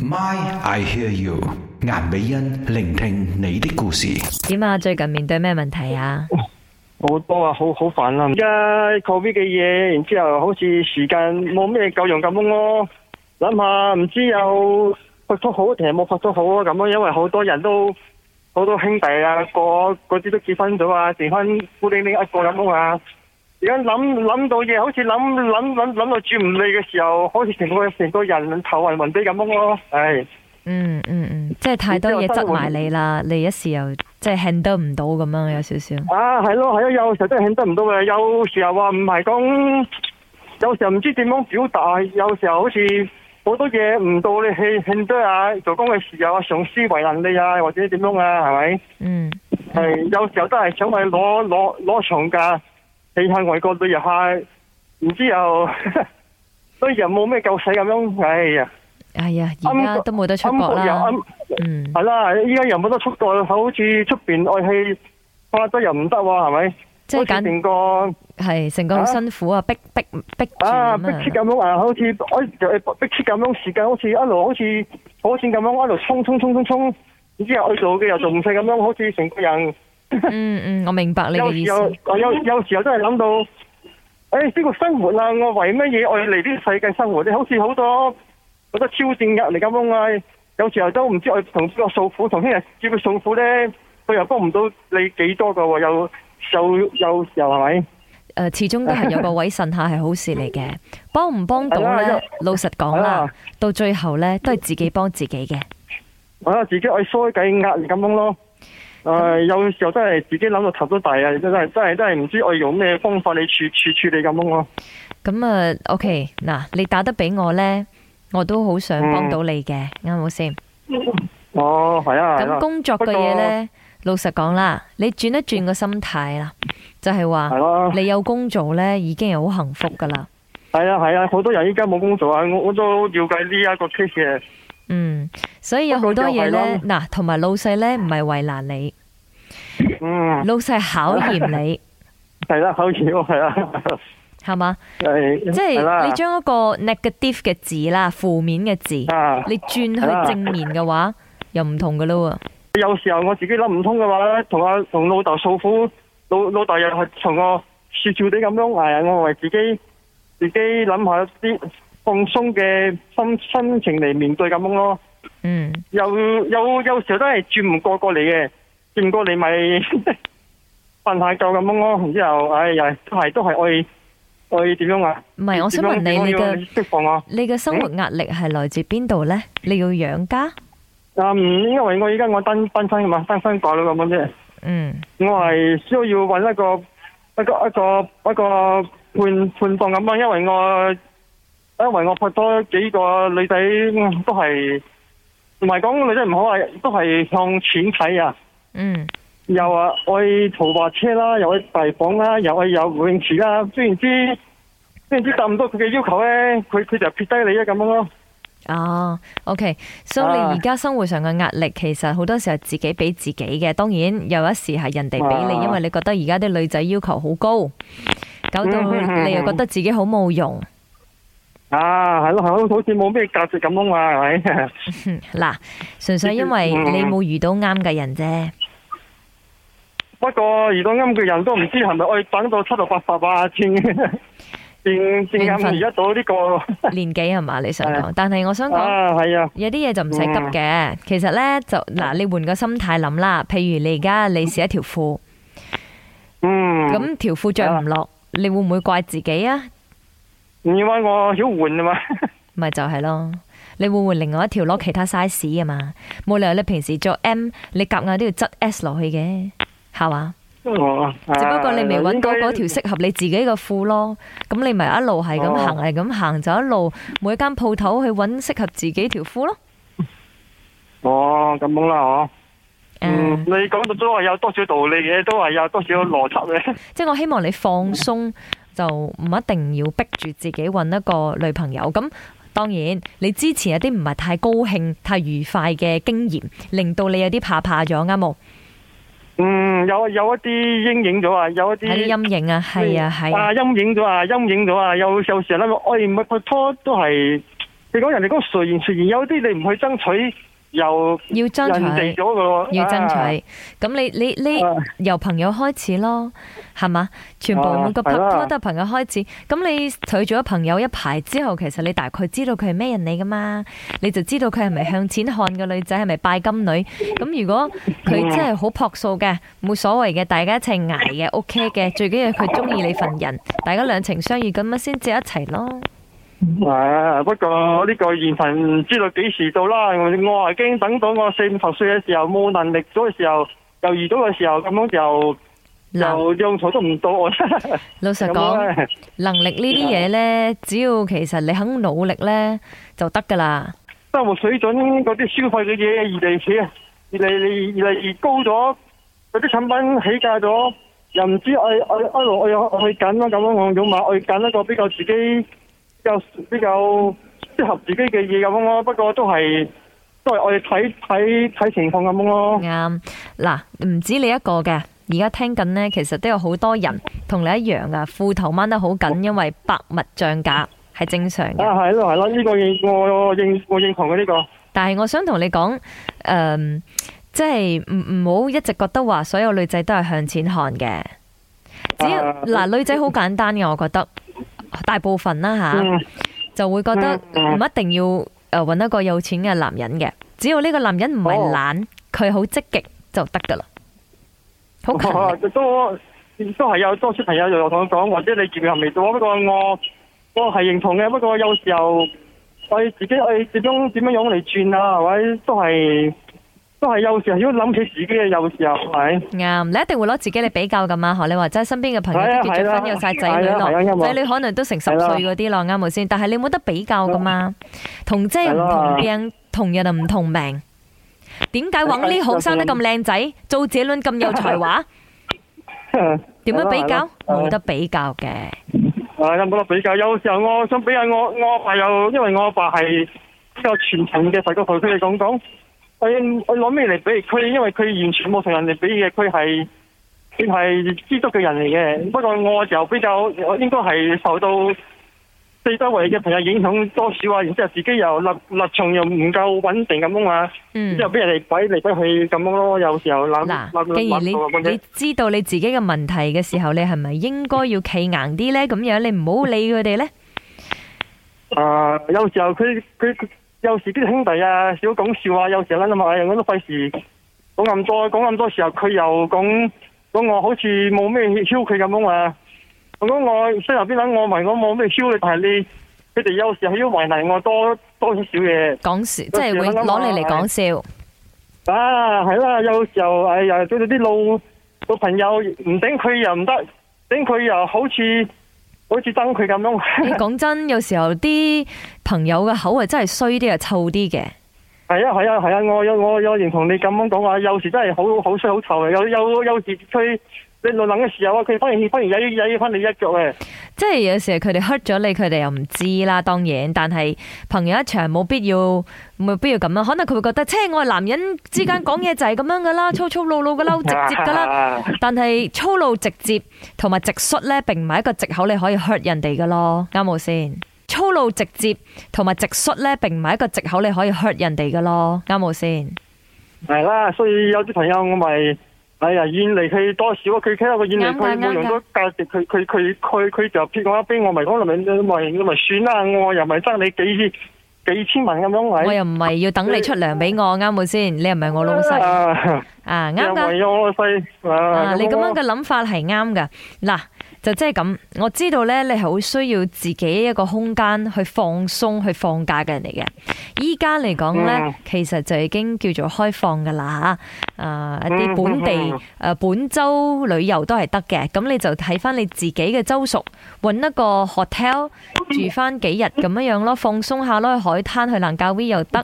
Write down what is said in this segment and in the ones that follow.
My, I hear you。顏美欣聆聽你的故事。點啊？最近面對咩問題啊？我都、哦、啊，好好煩啊。而家 Covid 嘅嘢，然之後好似時間冇咩夠用咁、啊、咯。諗下唔知道有拍拖好定係冇拍拖好啊咁咯、啊，因為好多人都好多兄弟啊，個嗰啲都結婚咗啊。剩翻孤零零一個咁啊。而家諗諗到嘢，好似諗諗諗諗到轉唔嚟嘅時候，好似成個成個人頭暈暈地咁樣咯。係，嗯嗯嗯，即係太多嘢執埋你啦，嗯嗯、你一時又即係 handle 唔到咁樣，有少少。啊，係咯，係啊，有時候真係 handle 唔到嘅，有時候話唔係講，有時候唔知點樣表達，有時候好似好多嘢唔到你去 handle 啊，做工嘅時候啊，上司為難你啊，或者點樣啊，係咪、嗯？嗯，係有時候都係想去攞攞攞長假。去下外國旅遊係，然之後所以又冇咩夠使咁樣，哎呀，哎呀，而家都冇得出國啦，嗯，係啦，依家又冇得出國，好似出邊外氣，空氣又唔得喎，係咪？即係簡練個係，成個好辛苦啊，啊逼逼逼，逼住咁樣，逼咁樣啊，樣好似哎逼車咁樣，時間好似一路好似火箭咁樣，一路衝冲冲冲衝，然之後又去做嘅又做唔使咁樣，好似成個人。 嗯嗯，我明白你嘅意思。我有 有時又真係諗到，誒，呢個生活啊，我為乜嘢我要嚟呢世界生活咧？好似好多好多超線壓力咁樣，有時候都唔、哎、知我同邊個訴苦，同兄弟叫佢訴苦咧，佢又幫唔到你幾多噶，又有又候係咪？誒、 呃，始終都係有個位神下係好事嚟嘅，幫唔幫到咧？ 老實講啦， 到最後咧，都係自己幫自己嘅。啊，自己愛衰計壓力咁樣咯。誒、呃，有時候真係自己諗到頭都大啊！真係真係真係唔知我用咩方法你處處處理咁咯。咁啊，OK，嗱，你打得俾我咧，我都好想幫到你嘅，啱唔啱先？哦，係啊。咁工作嘅嘢咧，過老實講啦，你轉一轉個心態啦，就係話你有工做咧，已經好幸福噶啦。係啊係啊，好多人依家冇工做啊，我我都了解呢一個 case 嘅。嗯，所以有好多嘢咧，嗱、嗯，同埋老細咧唔係為難你，嗯，老細考驗你，係啦， 考驗係啦，係嘛，吧的即係你將一個 negative 嘅字啦，負面嘅字，字的你轉去正面嘅話，的又唔同噶啦喎。有時候我自己諗唔通嘅話咧，同阿同老豆訴苦，老老豆又係同我笑笑地咁樣，哎我為自己，自己諗下啲。放鬆嘅心心情嚟面對咁樣咯，嗯，有有有時候都係轉唔過過嚟嘅，轉唔過嚟咪瞓下覺咁樣咯。然之後，唉、哎，又係都係都係愛愛點樣啊？唔係，我想問你嘅樣你嘅的生活壓力係來自邊度咧？嗯、你要養家啊？唔、嗯，因為我而家我單單身嘛，單身寡佬咁樣啫。嗯，我係需要搵一個一個一個一個一伴侶咁啊，因為我。因為我拍拖幾個女仔，都係，唔係講女仔唔好啊，都係向錢睇啊。嗯。又話愛豪華車啦，又愛大房啦，又愛有游泳池啦。雖然知，雖然知達唔到佢嘅要求咧，佢佢就撇低你啊咁樣咯。哦，OK，所、so、以、啊、你而家生活上嘅壓力，其實好多時候自己俾自己嘅。當然有一時係人哋俾你，啊、因為你覺得而家啲女仔要求好高，搞到你又覺得自己好冇用。啊，係咯，係咯，好似冇咩價值咁、哎、 啊嘛，係咪？嗱，純粹因為你冇遇到啱嘅人啫、嗯。不過遇到啱嘅人都唔知係咪可以等到七六八十八千、啊，啱而家到呢、這個 年紀係嘛？你想講？的但係我想講，啊、有啲嘢就唔使急嘅。嗯、其實咧就嗱，你換個心態諗啦。譬如你而家你試一條褲，嗯，咁條褲着唔落，啊、你會唔會怪自己啊？你話我要換嘛？咪 就係咯，你換換另外一條攞其他 size 啊嘛。冇理由你平時着 M，你夾硬都要執 S 落去嘅，係嘛？哦，啊、只不過你未揾到嗰條適合你自己嘅褲咯。咁該你咪一路係咁行，係咁行就一路，哦、一每間鋪頭去揾適合自己條褲咯。哦，咁好啦，哦、嗯，你講到都係有多少道理嘅，都係有多少邏輯嘅。 即係我希望你放鬆。就唔一定要逼住自己揾一個女朋友。咁當然，你之前有啲唔係太高興、太愉快嘅經驗，令到你有啲怕怕咗。啱冇？有有嗯，有有一啲陰影咗啊，有一啲陰影，影啊，係啊係啊，陰影咗啊，陰影咗啊，有時候有時咧，我我拍拖都係，你講人哋講隨緣，隨緣，有啲你唔去爭取。了要爭取，啊、要爭取。咁你你呢？你啊、由朋友開始咯，係嘛？全部每個拍拖都係朋友開始。咁、啊、你娶咗朋友一排之後，其實你大概知道佢係咩人嚟噶嘛？你就知道佢係咪向錢看嘅女仔，係咪拜金女？咁如果佢真係好樸素嘅，冇所謂嘅，大家一齊捱嘅，OK 嘅。最緊要佢中意你份人，大家兩情相悅，咁咪先至一齊咯。啊、不過我呢個緣分唔知道幾時到啦。我我係驚等到我四五十歲嘅時候冇能力，咗嘅時候又遇到嘅時候咁樣就就用處都唔多 老實講，這樣能力這些東西呢啲嘢咧，的只要其實你肯努力咧就得噶啦。生活水準嗰啲消費嘅嘢越嚟越，越嚟越越嚟越高咗，嗰啲產品起價咗，又唔知我我我去揀啦，咁樣我用買，我揀一個比較自己。比較適合自己嘅嘢咁咯，不過都係都係我哋睇睇睇情況咁咯。啱、嗯，嗱、啊，唔止你一個嘅，而家聽緊呢，其實都有好多人同你一樣噶，褲頭掹得好緊，因為百物漲價係正常嘅。係咯係咯，呢、這個認我認我認同嘅呢、這個。但係我想同你講，誒、嗯，即係唔唔好一直覺得話所有女仔都係向錢看嘅，只要嗱、啊嗯、女仔好簡單嘅，我覺得。大部分啦、啊、吓，嗯、就會覺得唔一定要誒揾一個有錢嘅男人嘅，只要呢個男人唔係懶，佢好積極就得噶啦。好啊、哦，都都係有多出朋友又同佢講，或者你結合未做，不過我我係認同嘅。不過有時候我自己我始終點樣用嚟轉啊，或者都係。都係有時候要諗起自己嘅有時候，係啱，你一定會攞自己嚟比較噶嘛？嗬，你話即係身邊嘅朋友結咗婚，有晒仔女咯，仔女可能都成十歲嗰啲咯，啱冇先？但係你冇得比較噶嘛？同精、同命，同人就唔同命。點解揾呢好生得咁靚仔，做姐論咁有才華？點樣比較？冇得比較嘅。有冇得比較？有時候我想比下我我阿爸又，因為我阿爸係比較傳統嘅細個頭先。你講講。我攞咩嚟俾？佢因為佢完全冇同人哋俾嘅，佢係佢係知足嘅人嚟嘅。不過我又比較，我應該係受到四周圍嘅朋友影響多少啊。然之後自己又立立場又唔夠穩定咁啊。嘛、嗯，之後俾人哋擺嚟擺去咁咯。有時候諗嗱、啊，既然你你知道你自己嘅問題嘅時候，你係咪應該要企硬啲咧？咁樣你唔好理佢哋咧。啊，有時候佢佢。有時啲兄弟啊，少講笑啊。有時諗諗下，我都費事講咁再講咁多時候，佢又講講我好似冇咩囂佢咁樣啊。如果我西頭邊諗我咪，我冇咩囂嘅，但係你佢哋有時係要為難我多多少少嘢。講笑，即係會攞你嚟講笑。啊，係啦，有時候哎呀，對住啲老個朋友唔頂佢又唔得，頂佢又好似。好似憎佢咁樣。 講真，有時候啲朋友嘅口味真係衰啲啊，臭啲嘅。係啊，係啊，係啊，我有我有認同你咁樣講話，有時真係好好衰好臭嘅，有有有時吹。你冷冷嘅時候，佢反而反而踹一踹一翻你一腳嘅。即係有時佢哋 hurt 咗你，佢哋又唔知啦。當然，但係朋友一場，冇必要冇必要咁樣。可能佢會覺得，即係我係男人之間講嘢就係咁樣噶啦， 粗粗魯魯噶啦，好直接噶啦。 但係粗魯直接同埋直率咧，並唔係一個借口你可以 hurt 人哋噶咯，啱冇先？ 粗魯直接同埋直率咧，並唔係一個借口你可以 hurt 人哋噶咯，啱冇先？係啦，對 所以有啲朋友我咪。哎呀，怨嚟去多少啊！佢睇下個怨嚟去，我用多價值，佢佢佢佢佢就撇我一邊，我咪講係咪？咪咪算啦，我又咪爭你幾千幾千萬咁樣。我又唔係要等你出糧俾我，啱冇先？你又唔係我老細啊？啱噶，又唔係我老細啊？你咁樣嘅諗法係啱噶嗱。就即係咁，我知道呢，你係好需要自己一個空間去放鬆、去放假嘅人嚟嘅。依家嚟講呢，其實就已經叫做開放噶啦吓。誒、嗯，一啲、啊、本地誒、嗯嗯、本州旅遊都係得嘅。咁你就睇翻你自己嘅州屬，搵一個 hotel 住翻幾日咁樣樣咯，放鬆下咯，去海灘、去蘭卡威又得。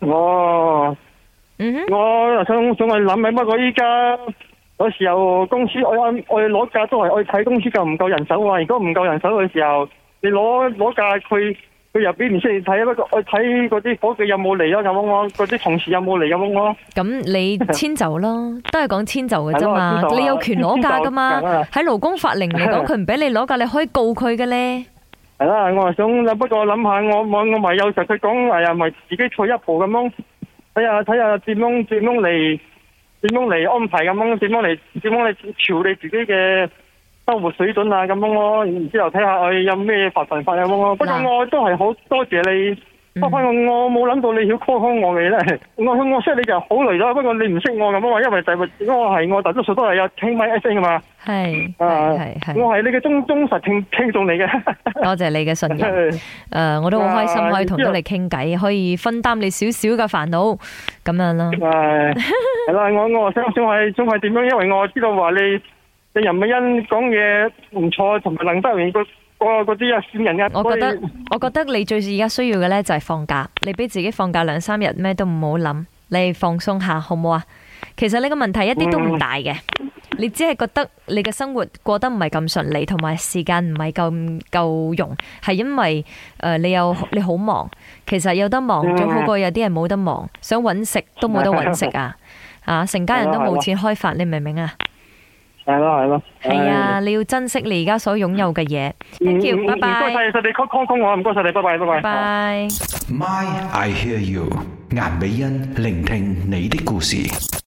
哇嗯、哼我，嗯，我想想去諗起，乜過依家。有時候公司我我攞價都係我睇公司夠唔夠人手啊！如果唔夠人手嘅時候，你攞攞價佢佢入邊唔識你睇，不過我睇嗰啲伙計有冇嚟啊？有冇嗰啲同事有冇嚟？有冇，咁你遷就囉， 都係講遷就嘅啫嘛。你有權攞價噶嘛？喺勞工法令嚟講，佢唔俾你攞價，你可以告佢嘅咧。係啦，我係想諗，不過諗下我我我咪有時佢講係啊，又唔係自己退一步咁樣睇下睇下占窿占窿嚟。看看看看點樣嚟安排咁樣？點樣嚟？點樣嚟調理你自己嘅生活水準啊？咁樣咯，然後睇下有咩發奮發啊？咁樣，不過我都係好多謝你。嗯、我冇諗到你要 call call me, 我嚟咧，我我識你就好耐啦。不過你唔識我咁話，因為就係我係我大多數都係有傾 message 㗎嘛。係係係，我係、呃、你嘅忠忠實聽聽眾嚟嘅。多謝你嘅信任。誒是、呃，我都好開心可以同得你傾偈，啊、可以分擔你少少嘅煩惱咁樣啦。係係啦，我我想想係想係點樣？因為我知道你你人人話你你任美欣講嘢唔錯，同埋諗得唔錯。我嗰啲啊，我覺得，我覺得你最而家需要嘅呢就係放假，你俾自己放假兩三日，咩都唔好諗，你放鬆下，好唔好啊？其實你個問題一啲都唔大嘅，嗯、你只係覺得你嘅生活過得唔係咁順利，同埋時間唔係咁夠用，係因為誒你有你好忙，其實有得忙仲好過有啲人冇得忙，想揾食都冇得揾食啊！啊，成家人都冇錢開飯，你明唔明啊？係咯，係咯，係啊！的的你要珍惜你而家所擁有嘅嘢。嗯，唔該晒，唔該晒，你 call call 通我，唔該晒你，拜拜拜拜。My，I hear you，顏美欣聆聽你的故事。